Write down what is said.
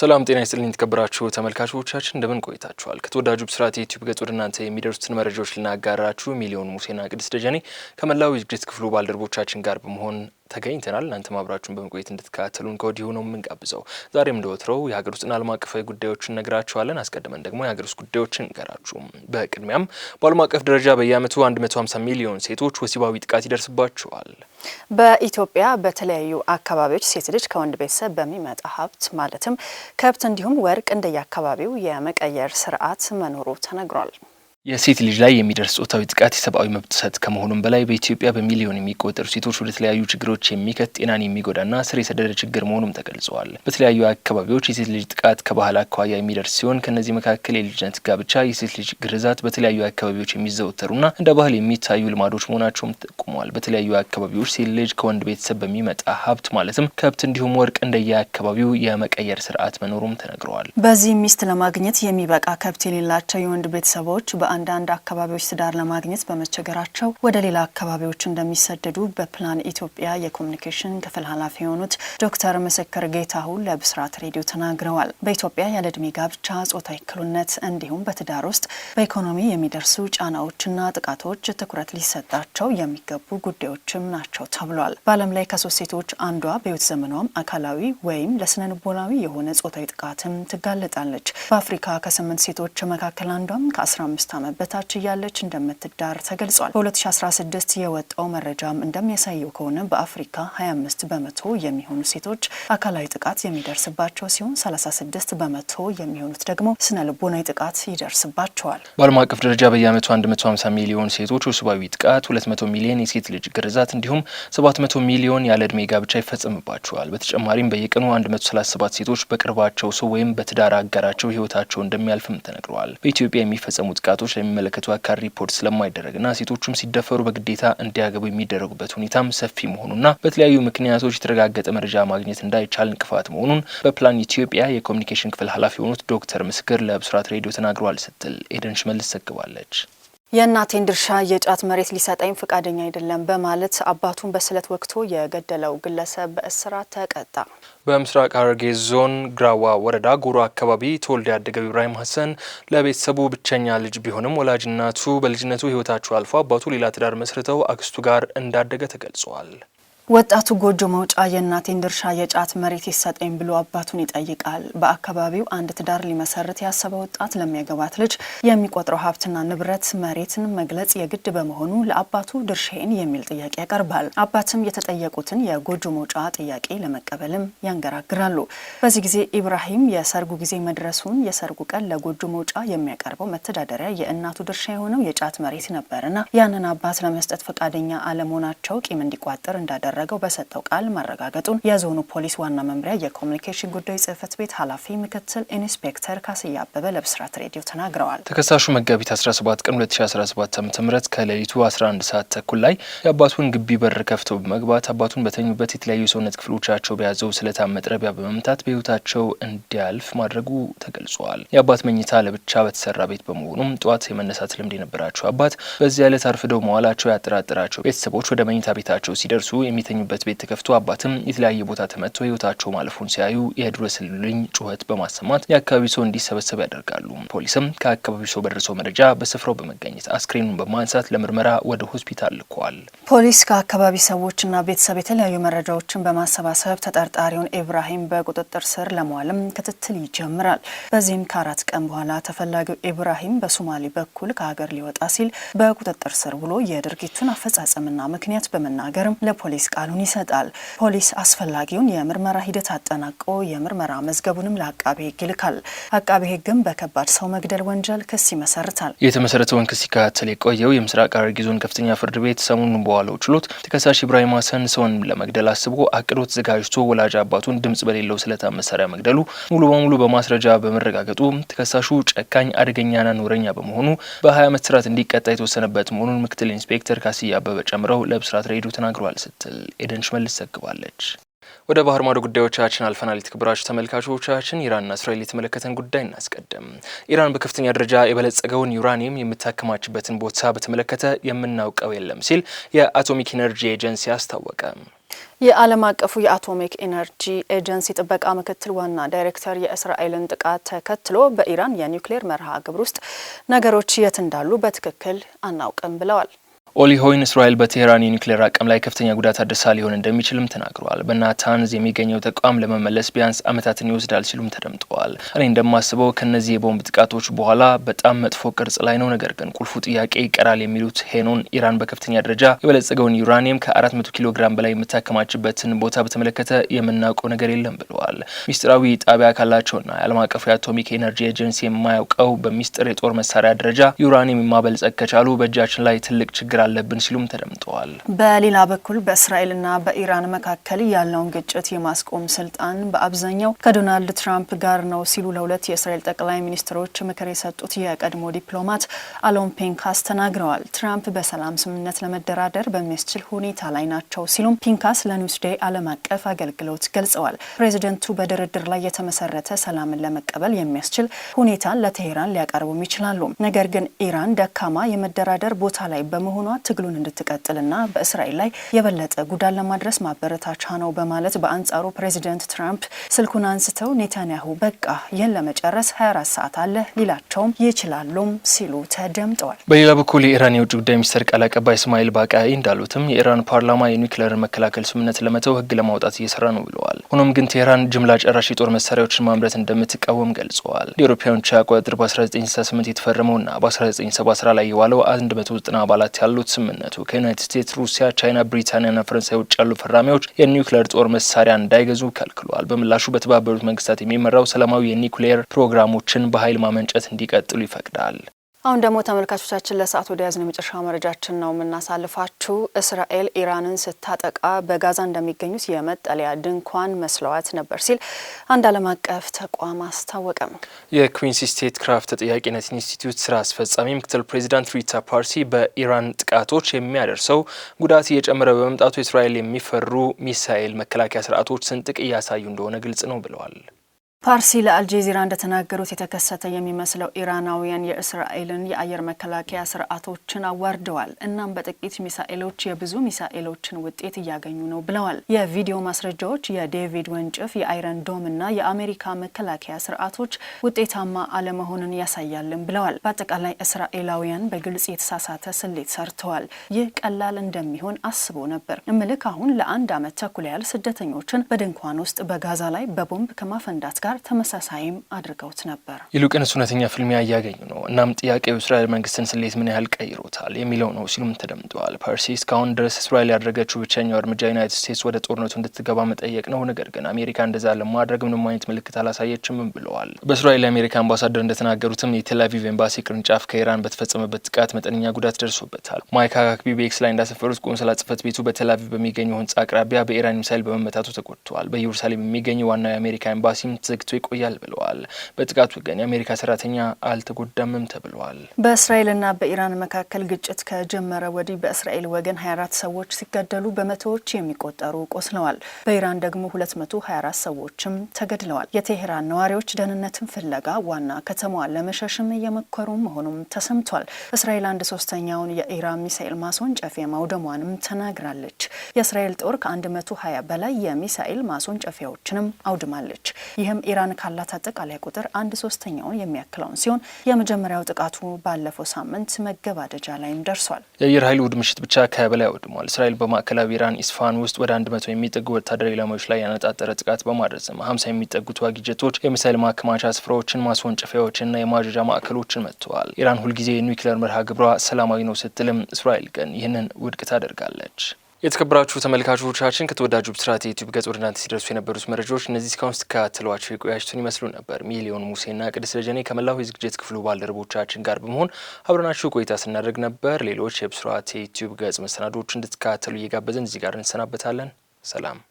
ሰላም ጤና ይስጥልኝ የተከበራችሁ ተመልካቾቻችን እንደምን ቆይታችኋል? ከተወዳጁ ብስራት የዩቲዩብ ገጽ ወደ እናንተ የሚደርሱትን መረጃዎች ልናጋራችሁ ሚሊዮን ሙሴና ቅድስት ደጀኔ ከመላው ዝግጅት ክፍሉ ባልደረቦቻችን ጋር በመሆን ተገኝተናል። እናንተ ማብራችሁን በመቆየት እንድትከታተሉን ከወዲሁ ነው የምንጋብዘው። ዛሬም እንደወትረው የሀገር ውስጥና ዓለም አቀፋዊ ጉዳዮችን ነግራችኋለን። አስቀድመን ደግሞ የሀገር ውስጥ ጉዳዮችን ገራችሁ። በቅድሚያም በዓለም አቀፍ ደረጃ በየአመቱ 150 ሚሊዮን ሴቶች ወሲባዊ ጥቃት ይደርስባቸዋል። በኢትዮጵያ በተለያዩ አካባቢዎች ሴት ልጅ ከወንድ ቤተሰብ በሚመጣ ሀብት ማለትም ከብት እንዲሁም ወርቅ እንደየአካባቢው የመቀየር ስርዓት መኖሩ ተነግሯል። የሴት ልጅ ላይ የሚደርስ ጾታዊ ጥቃት የሰብአዊ መብት ጥሰት ከመሆኑም በላይ በኢትዮጵያ በሚሊዮን የሚቆጠሩ ሴቶች ወደ ተለያዩ ችግሮች የሚከት ጤናን የሚጎዳና ስር የሰደደ ችግር መሆኑም ተገልጸዋል። በተለያዩ አካባቢዎች የሴት ልጅ ጥቃት ከባህል አኳያ የሚደርስ ሲሆን ከእነዚህ መካከል የልጅነት ጋብቻ፣ የሴት ልጅ ግርዛት በተለያዩ አካባቢዎች የሚዘወተሩና እንደ ባህል የሚታዩ ልማዶች መሆናቸውም ጠቁመዋል። በተለያዩ አካባቢዎች ሴት ልጅ ከወንድ ቤተሰብ በሚመጣ ሀብት ማለትም ከብት እንዲሁም ወርቅ እንደየ አካባቢው የመቀየር ስርዓት መኖሩም ተነግረዋል። በዚህ ሚስት ለማግኘት የሚበቃ ከብት የሌላቸው የወንድ ቤተሰቦች በአ አንዳንድ አካባቢዎች ስዳር ለማግኘት በመቸገራቸው ወደ ሌላ አካባቢዎች እንደሚሰደዱ በፕላን ኢትዮጵያ የኮሚኒኬሽን ክፍል ኃላፊ የሆኑት ዶክተር ምስክር ጌታሁ ለብስራት ሬዲዮ ተናግረዋል። በኢትዮጵያ ያለ ጋብቻ፣ ጾታዊ እኩልነት እንዲሁም በትዳር ውስጥ በኢኮኖሚ የሚደርሱ ጫናዎችና ጥቃቶች ትኩረት ሊሰጣቸው የሚገቡ ጉዳዮችም ናቸው ተብሏል። በዓለም ላይ ከሶስት ሴቶች አንዷ በህይወት ዘመኗም አካላዊ ወይም ለስነ የሆነ ጾታዊ ጥቃትም ትጋለጣለች። በአፍሪካ ከስምንት ሴቶች መካከል አንዷም ከ15 ዓመት በታች እያለች እንደምትዳር ተገልጿል። በ2016 የወጣው መረጃም እንደሚያሳየው ከሆነ በአፍሪካ 25 በመቶ የሚሆኑ ሴቶች አካላዊ ጥቃት የሚደርስባቸው ሲሆን 36 በመቶ የሚሆኑት ደግሞ ስነ ልቦናዊ ጥቃት ይደርስባቸዋል። በዓለም አቀፍ ደረጃ በየዓመቱ 150 ሚሊዮን ሴቶች ወሲባዊ ጥቃት፣ 200 ሚሊዮን የሴት ልጅ ግርዛት እንዲሁም 700 ሚሊዮን ያለ ዕድሜ ጋብቻ ይፈጸምባቸዋል። በተጨማሪም በየቀኑ 137 ሴቶች በቅርባቸው ሰው ወይም በትዳር አጋራቸው ህይወታቸው እንደሚያልፍም ተነግረዋል። በኢትዮጵያ የሚፈጸሙ ጥቃቶች ሴቶች ለሚመለከቱ አካል ሪፖርት ስለማይደረግና ሴቶቹም ሲደፈሩ በግዴታ እንዲያገቡ የሚደረጉበት ሁኔታም ሰፊ መሆኑና በተለያዩ ምክንያቶች የተረጋገጠ መረጃ ማግኘት እንዳይቻል እንቅፋት መሆኑን በፕላን ኢትዮጵያ የኮሚኒኬሽን ክፍል ኃላፊ የሆኑት ዶክተር ምስክር ለብስራት ሬዲዮ ተናግረዋል ስትል ኤደን ሽመልስ ዘግባለች። የእናቴን ድርሻ የጫት መሬት ሊሰጠኝ ፈቃደኛ አይደለም በማለት አባቱን በስለት ወቅቶ የገደለው ግለሰብ በእስራት ተቀጣ። በምስራቅ ሐረርጌ ዞን ግራዋ ወረዳ ጉሮ አካባቢ ተወልዶ ያደገው ኢብራሂም ሀሰን ለቤተሰቡ ብቸኛ ልጅ ቢሆንም ወላጅናቱ በልጅነቱ ሕይወታቸው አልፎ አባቱ ሌላ ትዳር መስርተው አክስቱ ጋር እንዳደገ ተገልጿል። ወጣቱ ጎጆ መውጫ የእናቴን ድርሻ የጫት መሬት ይሰጠኝ ብሎ አባቱን ይጠይቃል። በአካባቢው አንድ ትዳር ሊመሰርት ያሰበ ወጣት ለሚያገባት ልጅ የሚቆጥረው ሀብትና ንብረት መሬትን መግለጽ የግድ በመሆኑ ለአባቱ ድርሻዬን የሚል ጥያቄ ያቀርባል። አባትም የተጠየቁትን የጎጆ መውጫ ጥያቄ ለመቀበልም ያንገራግራሉ። በዚህ ጊዜ ኢብራሂም የሰርጉ ጊዜ መድረሱን የሰርጉ ቀን ለጎጆ መውጫ የሚያቀርበው መተዳደሪያ የእናቱ ድርሻ የሆነው የጫት መሬት ነበርና ያንን አባት ለመስጠት ፈቃደኛ አለመሆናቸው ቂም እንዲቋጠር እንዳደረ እንዳደረገው በሰጠው ቃል መረጋገጡን የዞኑ ፖሊስ ዋና መምሪያ የኮሚኒኬሽን ጉዳይ ጽህፈት ቤት ኃላፊ ምክትል ኢንስፔክተር ካስያ አበበ ለብስራት ሬዲዮ ተናግረዋል። ተከሳሹ መጋቢት 17 ቀን 2017 ዓ.ም ከሌሊቱ 11 ሰዓት ተኩል ላይ የአባቱን ግቢ በር ከፍቶ በመግባት አባቱን በተኙበት የተለያዩ ሰውነት ክፍሎቻቸው በያዘው ስለታ መጥረቢያ በመምታት በህይወታቸው እንዲያልፍ ማድረጉ ተገልጿል። የአባት መኝታ ለብቻ በተሰራ ቤት በመሆኑም ጠዋት የመነሳት ልምድ የነበራቸው አባት በዚህ ዕለት አርፍደው መዋላቸው ያጠራጠራቸው ቤተሰቦች ወደ መኝታ ቤታቸው ሲደርሱ የሚ የተኙበት ቤት ተከፍቶ አባትም የተለያየ ቦታ ተመቶ ህይወታቸው ማለፉን ሲያዩ የድረስልኝ ጩኸት በማሰማት የአካባቢው ሰው እንዲሰበሰብ ያደርጋሉ። ፖሊስም ከአካባቢው ሰው በደረሰው መረጃ በስፍራው በመገኘት አስክሬኑን በማንሳት ለምርመራ ወደ ሆስፒታል ልኳል። ፖሊስ ከአካባቢ ሰዎችና ቤተሰብ የተለያዩ መረጃዎችን በማሰባሰብ ተጠርጣሪውን ኢብራሂም በቁጥጥር ስር ለመዋልም ክትትል ይጀምራል። በዚህም ከአራት ቀን በኋላ ተፈላጊው ኢብራሂም በሶማሌ በኩል ከሀገር ሊወጣ ሲል በቁጥጥር ስር ውሎ የድርጊቱን አፈጻጸምና ምክንያት በመናገርም ለፖሊስ ቃሉን ይሰጣል። ፖሊስ አስፈላጊውን የምርመራ ሂደት አጠናቆ የምርመራ መዝገቡንም ለአቃቤ ሕግ ይልካል። አቃቤ ሕግም በከባድ ሰው መግደል ወንጀል ክስ ይመሰርታል። የተመሰረተውን ክስ ሲከታተል የቆየው የምስራቅ ሐረርጌ ዞን ከፍተኛ ፍርድ ቤት ሰሞኑን በዋለው ችሎት ተከሳሽ ኢብራሂም ሀሰን ሰውን ለመግደል አስቦ አቅዶ ተዘጋጅቶ ወላጅ አባቱን ድምጽ በሌለው ስለታ መሳሪያ መግደሉ ሙሉ በሙሉ በማስረጃ በመረጋገጡ ተከሳሹ ጨካኝ፣ አደገኛና ኑረኛ በመሆኑ በ20 ዓመት ስርዓት እንዲቀጣ የተወሰነበት መሆኑን ምክትል ኢንስፔክተር ካስያ አበበ ጨምረው ለብስራት ሬዲዮ ተናግረዋል ስትል ኤደን ሽመልስ ዘግባለች። ወደ ባህር ማዶ ጉዳዮቻችን አልፈናል። የተከበራችሁ ተመልካቾቻችን ኢራንና እስራኤል የተመለከተን ጉዳይ እናስቀድም። ኢራን በከፍተኛ ደረጃ የበለጸገውን ዩራኒየም የምታከማችበትን ቦታ በተመለከተ የምናውቀው የለም ሲል የአቶሚክ ኤነርጂ ኤጀንሲ አስታወቀ። የዓለም አቀፉ የአቶሚክ ኢነርጂ ኤጀንሲ ጥበቃ ምክትል ዋና ዳይሬክተር የእስራኤልን ጥቃት ተከትሎ በኢራን የኒውክሌር መርሃ ግብር ውስጥ ነገሮች የት እንዳሉ በትክክል አናውቅም ብለዋል። ኦሊሆይን እስራኤል በቴህራን የኒውክሌር አቅም ላይ ከፍተኛ ጉዳት አድርሳ ሊሆን እንደሚችልም ተናግረዋል። በናታንዝ የሚገኘው ተቋም ለመመለስ ቢያንስ ዓመታትን ይወስዳል ሲሉም ተደምጠዋል። እኔ እንደማስበው ከእነዚህ የቦምብ ጥቃቶች በኋላ በጣም መጥፎ ቅርጽ ላይ ነው፣ ነገር ግን ቁልፉ ጥያቄ ይቀራል የሚሉት ሄኖን ኢራን በከፍተኛ ደረጃ የበለጸገውን ዩራኒየም ከ400 ኪሎ ግራም በላይ የምታከማችበትን ቦታ በተመለከተ የምናውቀው ነገር የለም ብለዋል። ሚስጥራዊ ጣቢያ ካላቸውና የዓለም አቀፉ የአቶሚክ ኤነርጂ ኤጀንሲ የማያውቀው በሚስጥር የጦር መሳሪያ ደረጃ ዩራኒየም የማበልጸግ ከቻሉ በእጃችን ላይ ትልቅ ችግር ችግር አለብን ሲሉም ተደምጠዋል። በሌላ በኩል በእስራኤልና በኢራን መካከል ያለውን ግጭት የማስቆም ስልጣን በአብዛኛው ከዶናልድ ትራምፕ ጋር ነው ሲሉ ለሁለት የእስራኤል ጠቅላይ ሚኒስትሮች ምክር የሰጡት የቀድሞ ዲፕሎማት አሎን ፔንካስ ተናግረዋል። ትራምፕ በሰላም ስምምነት ለመደራደር በሚያስችል ሁኔታ ላይ ናቸው ሲሉም ፒንካስ ለኒውስዴይ ዓለም አቀፍ አገልግሎት ገልጸዋል። ፕሬዚደንቱ በድርድር ላይ የተመሰረተ ሰላምን ለመቀበል የሚያስችል ሁኔታን ለቴሄራን ሊያቀርቡም ይችላሉ። ነገር ግን ኢራን ደካማ የመደራደር ቦታ ላይ በመሆኑ መሆኗ ትግሉን እንድትቀጥልና በእስራኤል ላይ የበለጠ ጉዳት ለማድረስ ማበረታቻ ነው በማለት በአንጻሩ ፕሬዚደንት ትራምፕ ስልኩን አንስተው ኔታንያሁ በቃ ይህን ለመጨረስ 24 ሰዓት አለ ሊላቸውም ይችላሉም ሲሉ ተደምጠዋል። በሌላ በኩል የኢራን የውጭ ጉዳይ ሚኒስትር ቃል አቀባይ እስማኤል ባቃይ እንዳሉትም የኢራን ፓርላማ የኒውክሌርን መከላከል ስምምነት ለመተው ህግ ለማውጣት እየሰራ ነው ብለዋል። ሆኖም ግን ቴህራን ጅምላ ጨራሽ የጦር መሳሪያዎችን ማምረት እንደምትቃወም ገልጸዋል። የአውሮፓውያኑ አቆጣጠር በ1968 የተፈረመውና በ1970 ላይ የዋለው 190 አባላት ያሉ ያሉት ስምምነቱ ከዩናይትድ ስቴትስ፣ ሩሲያ፣ ቻይና፣ ብሪታንያና ፈረንሳይ ውጭ ያሉ ፈራሚዎች የኒውክሌር ጦር መሳሪያ እንዳይገዙ ከልክሏል። በምላሹ በተባበሩት መንግስታት የሚመራው ሰላማዊ የኒውክሌር ፕሮግራሞችን በኃይል ማመንጨት እንዲቀጥሉ ይፈቅዳል። አሁን ደግሞ ተመልካቾቻችን ለሰዓት ወደ ያዝነው የመጨረሻ መረጃችን ነው የምናሳልፋችሁ። እስራኤል ኢራንን ስታጠቃ በጋዛ እንደሚገኙት የመጠለያ ድንኳን መስለዋት ነበር ሲል አንድ ዓለም አቀፍ ተቋም አስታወቀም። የኩዊንስ ስቴት ክራፍት ተጠያቂነት ኢንስቲትዩት ስራ አስፈጻሚ ምክትል ፕሬዚዳንት ሪታ ፓርሲ በኢራን ጥቃቶች የሚያደርሰው ጉዳት እየጨመረ በመምጣቱ እስራኤል የሚፈሩ ሚሳኤል መከላከያ ስርዓቶች ስንጥቅ እያሳዩ እንደሆነ ግልጽ ነው ብለዋል። ፓርሲ ለአልጄዚራ እንደተናገሩት የተከሰተ የሚመስለው ኢራናውያን የእስራኤልን የአየር መከላከያ ስርዓቶችን አዋርደዋል፣ እናም በጥቂት ሚሳኤሎች የብዙ ሚሳኤሎችን ውጤት እያገኙ ነው ብለዋል። የቪዲዮ ማስረጃዎች የዴቪድ ወንጭፍ፣ የአይረን ዶም እና የአሜሪካ መከላከያ ስርዓቶች ውጤታማ አለመሆንን ያሳያልን ብለዋል። በአጠቃላይ እስራኤላውያን በግልጽ የተሳሳተ ስሌት ሰርተዋል። ይህ ቀላል እንደሚሆን አስቦ ነበር። እምልክ አሁን ለአንድ ዓመት ተኩል ያህል ስደተኞችን በድንኳን ውስጥ በጋዛ ላይ በቦምብ ከማፈንዳት ጋር ጋር ተመሳሳይም አድርገውት ነበር። ይልቁንስ እውነተኛ ፍልሚያ እያገኙ ነው። እናም ጥያቄው የእስራኤል መንግስትን ስሌት ምን ያህል ቀይሮታል የሚለው ነው ሲሉም ተደምጠዋል። ፐርሲ እስካሁን ድረስ እስራኤል ያደረገችው ብቸኛው እርምጃ ዩናይትድ ስቴትስ ወደ ጦርነቱ እንድትገባ መጠየቅ ነው። ነገር ግን አሜሪካ እንደዛ ለማድረግ ምንም አይነት ምልክት አላሳየችም ብለዋል። በእስራኤል የአሜሪካ አምባሳደር እንደተናገሩትም የቴላቪቭ ኤምባሲ ቅርንጫፍ ከኢራን በተፈጸመበት ጥቃት መጠነኛ ጉዳት ደርሶበታል። ማይክ ሀካክቢ በኤክስ ላይ እንዳሰፈሩት ቆንስላ ጽህፈት ቤቱ በቴላቪቭ በሚገኘው ህንጻ አቅራቢያ በኢራን ሚሳይል በመመታቱ ተጎድተዋል። በኢየሩሳሌም የሚገኘው ዋናው የአሜሪካ ኤምባሲም ተዘግቶ ይቆያል ብለዋል። በጥቃቱ ግን የአሜሪካ ሰራተኛ አልተጎዳምም ተብለዋል። በእስራኤልና በኢራን መካከል ግጭት ከጀመረ ወዲህ በእስራኤል ወገን 24 ሰዎች ሲገደሉ በመቶዎች የሚቆጠሩ ቆስለዋል። በኢራን ደግሞ 224 ሰዎችም ተገድለዋል። የቴሄራን ነዋሪዎች ደህንነትን ፍለጋ ዋና ከተማዋ ለመሸሽም እየመከሩ መሆኑም ተሰምቷል። እስራኤል አንድ ሶስተኛውን የኢራን ሚሳኤል ማስወንጨፊያ ማውደሟንም ተናግራለች። የእስራኤል ጦር ከ120 በላይ የሚሳኤል ማስወንጨፊያዎችንም አውድማለች። ይህም ኢራን ካላት አጠቃላይ ቁጥር አንድ ሶስተኛውን የሚያክለውን ሲሆን የመጀመሪያው ጥቃቱ ባለፈው ሳምንት መገባደጃ ላይም ደርሷል። የአየር ኃይል ውድ ምሽት ብቻ ከበላይ ወድሟል። እስራኤል በማዕከላዊ ኢራን ኢስፋሃን ውስጥ ወደ አንድ መቶ የሚጠጉ ወታደራዊ ኢላማዎች ላይ ያነጣጠረ ጥቃት በማድረስም ሀምሳ የሚጠጉ ተዋጊ ጀቶች፣ የሚሳይል ማከማቻ ስፍራዎችን፣ ማስወንጨፊያዎችንና የማዘዣ ማዕከሎችን መጥተዋል። ኢራን ሁልጊዜ የኒውክሌር መርሃ ግብሯ ሰላማዊ ነው ስትልም እስራኤል ግን ይህንን ውድቅ ታደርጋለች። የተከበራችሁ ተመልካቾቻችን ከተወዳጁ ብስራት የዩቲዩብ ገጽ ወደ እናንተ ሲደርሱ የነበሩት መረጃዎች እነዚህ እስካሁን ስትከታተሏቸው የቆያችሁትን ይመስሉ ነበር። ሚሊዮን ሙሴና ቅድስ ደጀኔ ከመላው የዝግጅት ክፍሉ ባልደረቦቻችን ጋር በመሆን አብረናችሁ ቆይታ ስናደርግ ነበር። ሌሎች የብስራት የዩቲዩብ ገጽ መሰናዶዎች እንድትከታተሉ እየጋበዘን እዚህ ጋር እንሰናበታለን። ሰላም